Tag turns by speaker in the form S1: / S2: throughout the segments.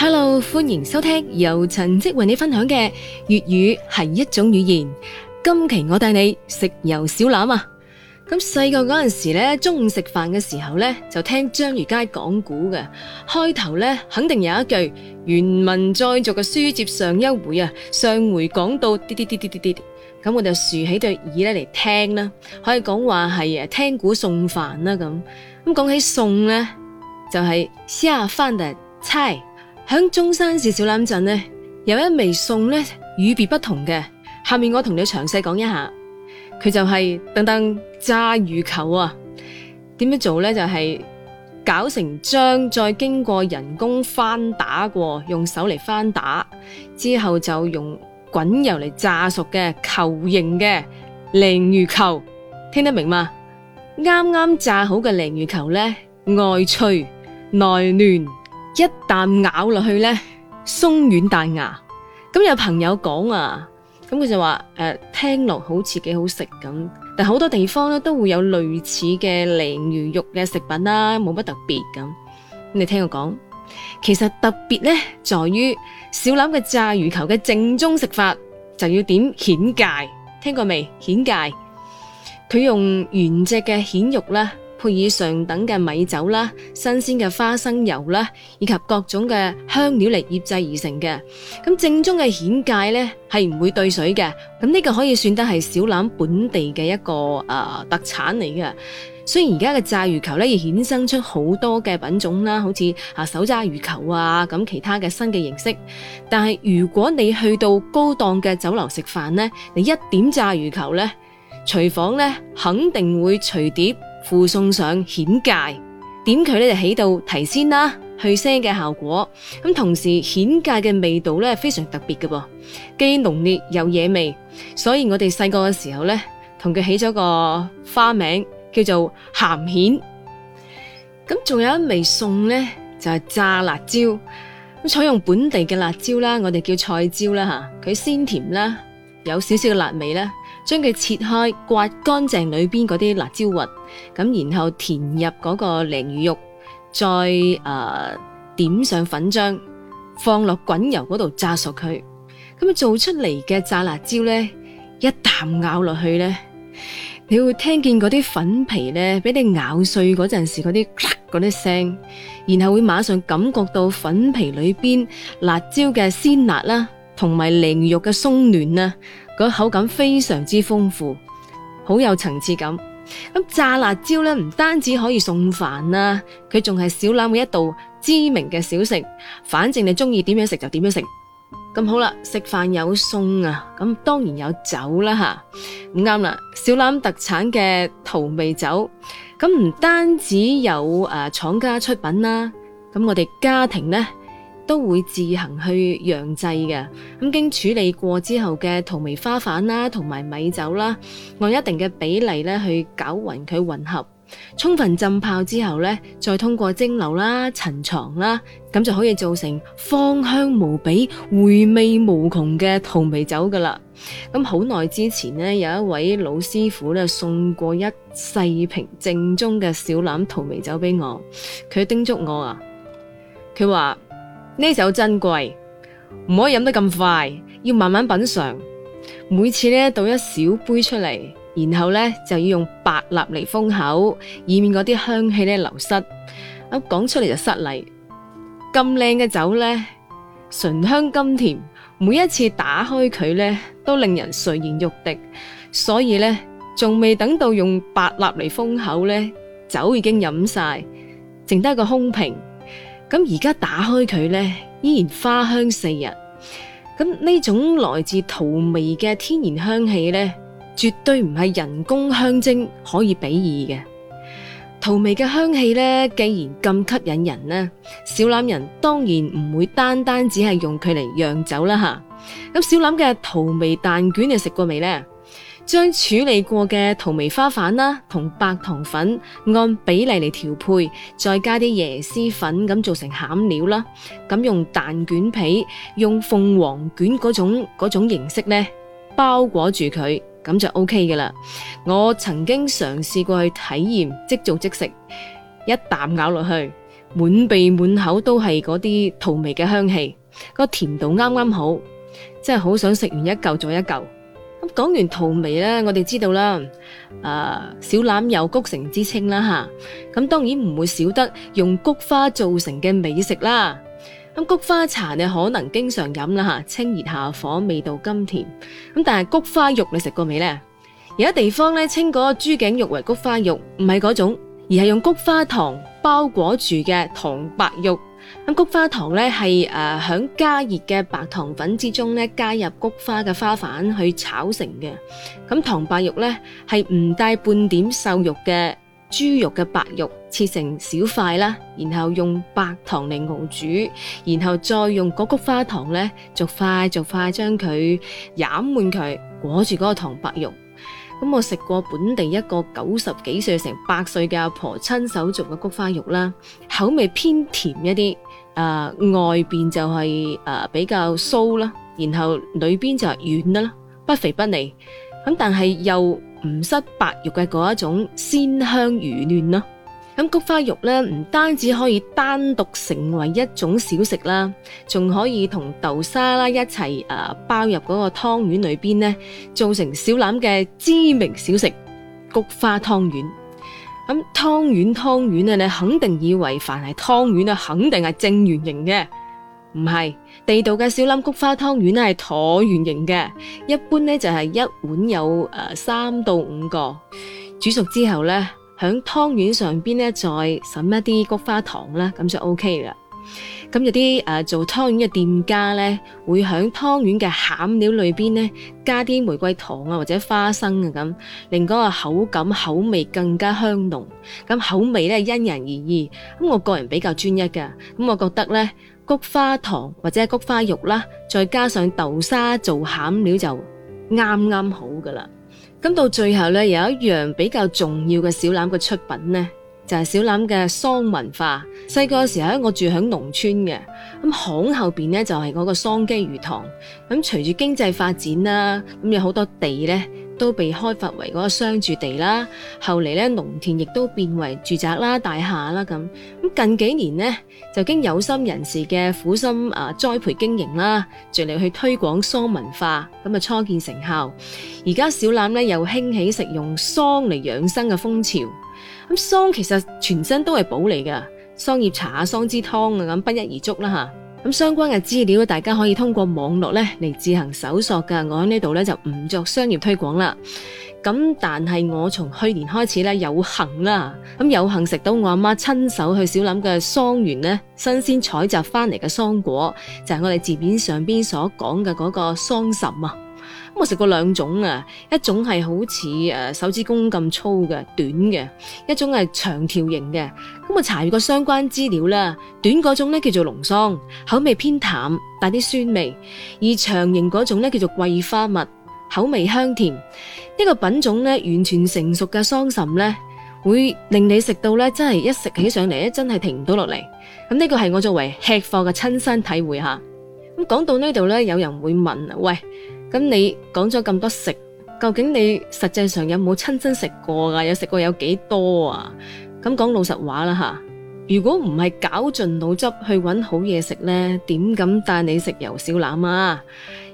S1: hello，歡迎收聽由陳迹為你分享嘅粵語係一種語言。今期我帶你食遊小欖啊！咁細個嗰陣時咧，中午食飯嘅時候咧，就聽章魚街講古嘅。開頭咧，肯定有一句原文再續嘅書接上一回啊。上回講到啲啲啲啲啲啲，咁我就豎起對耳咧嚟聽啦。可以講話係聽古送飯啦咁。咁講起送呢，就係送飯嘅菜。在中山市小欖鎮呢，有一味餸呢，與別不同嘅。下面我同你詳細講一下，佢就係等等炸魚球啊。點樣做呢？就係、是、搞成漿，再經過人工翻打過，用手嚟翻打之後，就用滾油嚟炸熟嘅球形嘅鯪魚球。聽得明嗎？啱啱炸好嘅鯪魚球呢，外脆內嫩。內暖一啖咬落去呢，鬆軟彈牙。咁有朋友講啊，咁佢就話誒，聽落好似幾好食咁。但好多地方咧都會有類似嘅鯪魚肉嘅食品啦，冇乜特別咁。咁你聽我講，其實特別呢，在於小欖嘅炸魚球嘅正宗食法就要點蜆介，聽過未？蜆介，佢用原隻嘅蜆肉啦。配以上等嘅米酒啦、新鮮嘅花生油啦，以及各種嘅香料嚟醃製而成嘅。咁正宗嘅蜆芥咧係唔會兌水嘅。咁、這、呢個可以算得係小欖本地嘅一個誒、呃、特產嚟嘅。雖然而家嘅炸魚球呢，亦衍生出好多嘅品種啦，好似啊手炸魚球啊，咁其他嘅新嘅形式。但係如果你去到高檔嘅酒樓食飯呢，你一點炸魚球呢，廚房呢，肯定會隨碟。附送上蜆芥，點佢咧就起到提鮮啦、去腥嘅效果。咁同時蜆芥嘅味道咧非常特別嘅噃，既濃烈又惹味，所以我哋細個嘅時候咧，同佢起咗個花名叫做鹹蜆。咁仲有一味餸咧，就係炸辣椒。咁採用本地嘅辣椒啦，我哋叫菜椒啦，佢鮮甜啦，有少少辣味啦。將佢切開，刮乾淨裏邊嗰啲辣椒核，咁然後填入嗰個鯪魚肉，再、呃、點上粉漿，放落滾油嗰度炸熟佢。咁啊做出嚟嘅炸辣椒呢，一啖咬落去呢，你會聽見嗰啲粉皮呢畀你咬碎嗰陣時嗰啲嗰啲聲，然後會馬上感覺到粉皮裏邊辣椒嘅鮮辣啦，同埋鯪魚肉嘅鬆軟啦。個口感非常之豐富，好有層次感。咁炸辣椒咧，唔單止可以送飯啦，佢仲係小欖嘅一道知名嘅小食。反正你鍾意點樣食就點樣食。咁好啦，食飯有餸啊，咁當然有酒啦吓。咁啱啦，小欖特產嘅桃味酒，咁唔單止有誒、呃、廠家出品啦，咁我哋家庭呢？都會自行去釀製嘅。咁，經處理過之後嘅荼薇花瓣啦，同埋米酒啦，按一定嘅比例咧去攪勻佢混合，充分浸泡之後咧，再通過蒸餾啦、陳藏啦，咁就可以做成芳香無比、回味無窮嘅荼薇酒㗎喇。咁好耐之前咧，有一位老師傅咧送過一細瓶正宗嘅小欖荼薇酒俾我，佢叮囑我啊，佢話。呢酒珍貴，唔可以飲得咁快，要慢慢品嘗。每次咧倒一小杯出嚟，然後咧就要用白蠟嚟封口，以免嗰啲香氣咧流失。咁講出嚟就失禮。咁靚嘅酒咧，醇香甘甜，每一次打開佢咧，都令人垂涎欲滴。所以咧，仲未等到用白蠟嚟封口咧，酒已經飲晒，剩低一個空瓶。咁而家打開佢呢，依然花香四溢。咁呢種來自桃味嘅天然香氣呢，絕對唔係人工香精可以比擬嘅。桃味嘅香氣呢，既然咁吸引人呢，小欖人當然唔會單單只係用佢嚟釀酒啦吓。咁小欖嘅桃味蛋卷你食過未呢？將處理過嘅桃味花瓣和同白糖粉按比例嚟調配，再加啲椰絲粉咁做成餡料啦。咁用蛋卷皮，用鳳凰卷嗰種嗰種形式呢，包裹住佢，咁就 OK 㗎啦。我曾經嘗試過去體驗即做即食，一啖咬落去，滿鼻滿口都係嗰啲桃味嘅香氣，個甜度啱啱好，真係好想食完一嚿再一嚿。咁講完桃味呢，我哋知道啦、啊，小欖有菊城之稱啦嚇。咁、啊、當然唔會少得用菊花做成嘅美食啦。咁、啊、菊花茶你可能經常飲啦、啊、清熱下火，味道甘甜。咁、啊、但係菊花肉你食過未呢？有啲地方呢，稱嗰個豬頸肉為菊花肉，唔係嗰種，而係用菊花糖包裹住嘅糖白肉。菊花糖呢是、呃、在加熱嘅白糖粉之中加入菊花嘅花瓣去炒成嘅。咁糖白肉呢是不唔帶半點瘦肉嘅豬肉嘅白肉，切成小塊啦，然後用白糖嚟熬煮，然後再用嗰菊花糖呢，逐塊逐塊將佢沾滿佢，裹住嗰個糖白肉。咁我食過本地一個九十幾歲成百歲嘅阿婆親手做嘅菊花肉啦，口味偏甜一啲，呃，外面就係、是呃，比較酥啦，然後裏面就係軟啦，不肥不膩，咁但係又唔失白肉嘅嗰一種鮮香軟嫩啦。咁菊花肉咧，唔單止可以單獨成為一種小食啦，仲可以同豆沙啦一齊包入嗰個湯圓裏邊咧，做成小欖嘅知名小食菊花湯圓。咁湯圓湯圓啊，你肯定以為凡係湯圓肯定係正圓形嘅，唔係，地道嘅小欖菊花湯圓咧係橢圓形嘅，一般咧就係一碗有三到五個，煮熟之後呢，喺湯圓上面呢，再揈一啲菊花糖啦，咁就 OK 啦。咁有啲、呃、做湯圓嘅店家呢，會喺湯圓嘅餡料裏面呢，加啲玫瑰糖啊或者花生啊咁，令嗰個口感口味更加香濃。咁口味呢，因人而異。咁我個人比較專一㗎，咁我覺得呢，菊花糖或者菊花肉啦，再加上豆沙做餡料就啱啱好㗎啦。咁到最後呢，有一樣比較重要嘅小欖嘅出品呢，就係、是、小欖嘅桑文化。細個嘅時候，我住喺農村嘅，咁巷後面呢，就係嗰個桑基魚塘。咁隨住經濟發展啦，咁有好多地呢。都被開發為嗰個商住地啦。後嚟呢，農田亦都變為住宅啦、大廈啦咁。近幾年呢，就經有心人士嘅苦心啊栽培經營啦，着力去推廣桑文化，咁啊初見成效。而家小欖呢，又興起食用桑嚟養生嘅風潮。咁桑其實全身都係寶嚟㗎，桑葉茶、桑枝湯啊，咁不一而足啦。咁相關嘅資料，大家可以通過網絡咧嚟自行搜索㗎。我喺呢度咧就唔做商業推廣啦。咁但係我從去年開始咧有幸啦，咁有幸食到我阿媽親手去小欖嘅桑園咧，新鮮採集返嚟嘅桑果，就係、是、我哋字面上邊所講嘅嗰個桑葚。我食過兩種啊，一種係好似手指公咁粗嘅短嘅，一種係長條形嘅。咁我查閱過相關資料啦，短嗰種咧叫做龍桑，口味偏淡，帶啲酸味；而長形嗰種咧叫做桂花蜜，口味香甜。呢個品種咧完全成熟嘅桑葚咧，會令你食到咧真係一食起上嚟咧真係停唔到落嚟。咁呢個係我作為吃貨嘅親身體會吓。咁講到呢度咧，有人會問啊，喂！咁你講咗咁多食，究竟你實際上有冇親身食過呀？有食過有幾多呀？咁講老實話啦吓，如果唔係絞盡腦汁去搵好嘢食呢，點敢帶你食遊小欖啊？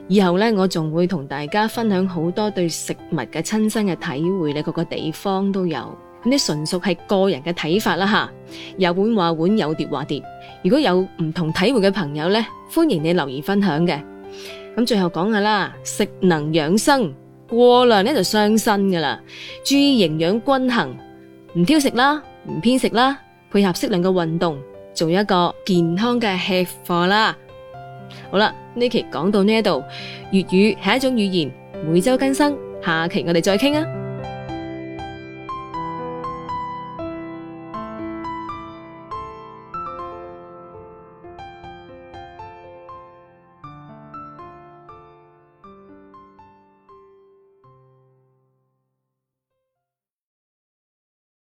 S1: 以後呢，我仲會同大家分享好多對食物嘅親身嘅體會，你各個地方都有。咁啲純屬係個人嘅睇法啦吓，有碗話碗，有碟話碟、碟。如果有唔同體會嘅朋友呢，歡迎你留言分享嘅。咁最後講下啦，食能養生，過量呢就傷身㗎啦。注意營養均衡，唔挑食啦，唔偏食啦，配合適量嘅運動，做一個健康嘅吃貨啦。好啦，呢期講到呢度，粵語係一種語言，每周更新，下期我哋再傾啊。